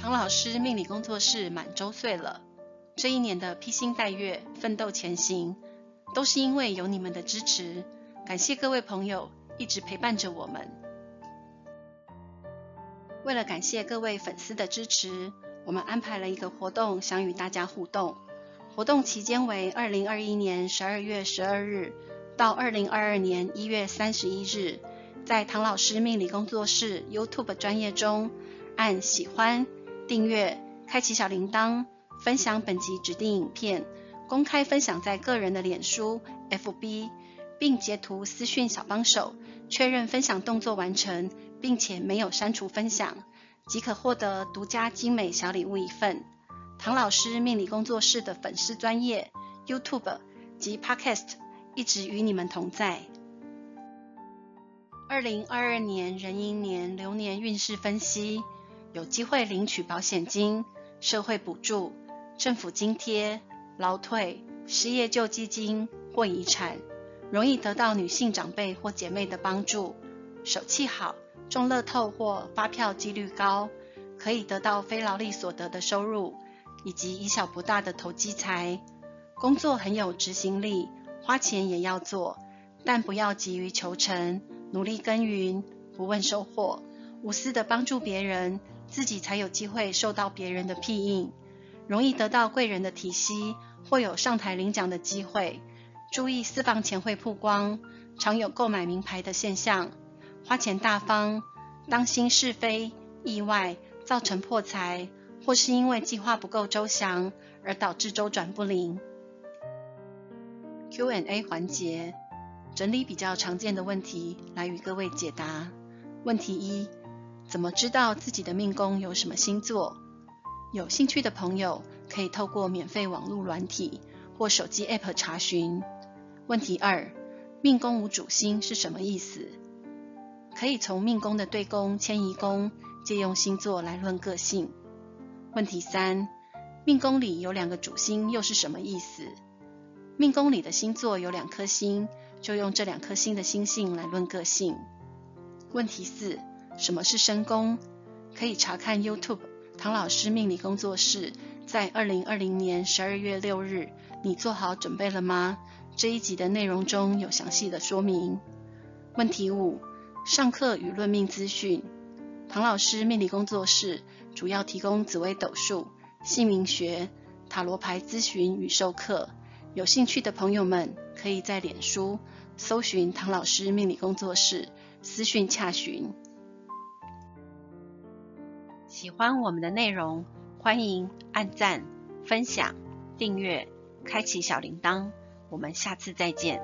唐老師命理工作室滿週歲了，這一年的披星戴月、奮鬥前行，都是因為有你們的支持。感謝各位朋友一直陪伴着我們。為了感謝各位粉絲的支持，我們安排了一個活動，想與大家互動。活動期間為二零二一年十二月十二日到二零二二年一月三十一日，在唐老師命理工作室 YouTube 專頁中按喜歡。訂閱、開啟小鈴鐺、分享本集指定影片、公開分享在個人的臉書、FB，並截圖私訊小幫手，確認分享動作完成，並且沒有刪除分享，即可獲得獨家精美小禮物一份。唐老師命理工作室的粉絲專頁 YouTube 及 Podcast 一直與你們同在。二零二二年壬寅年流年運勢分析。有機會領取保險金、社會補助、政府津貼、勞退、失業救濟金或遺產，容易得到女性長輩或姐妹的幫助，手氣好中樂透或發票幾率高，可以得到非勞力所得的收入，以及以小博大的投機財。工作很有執行力，花錢也要做，但不要急於求成，努力耕耘，不問收穫。無私的幫助別人，自己才有機會受到別人的庇蔭，容易得到貴人的提攜，或有上台領獎的機會。注意私房錢會曝光，常有購買名牌的現象，花錢大方，當心是非、意外造成破財，或是因為計劃不夠周詳而導致周轉不靈。Q&A 環節，整理比較常見的問題來與各位解答。問題一。怎麼知道自己的命宮有什麼星座？有興趣的朋友可以透過免費網絡軟體或手機 App 查詢。問題二：命宮無主星是什麼意思？可以從命宮的對宮、遷移宮借用星座來論個性。問題三：命宮裡有兩個主星又是什麼意思？命宮裡的星座有兩顆星，就用這兩顆星的星性來論個性。問題四。什麼是身宮？可以查看 YouTube 唐老師命理工作室在二零二零年十二月六日，你做好準備了嗎？這一集的內容中有詳細的說明。問題五：上課與論命資訊。唐老師命理工作室主要提供紫微斗數、姓名學、塔羅牌諮詢與授課。有興趣的朋友們可以在臉書搜尋“唐老師命理工作室”，私訊洽詢。喜歡我們的內容，歡迎按讚、分享、訂閱、開啟小鈴鐺。我們下次再見。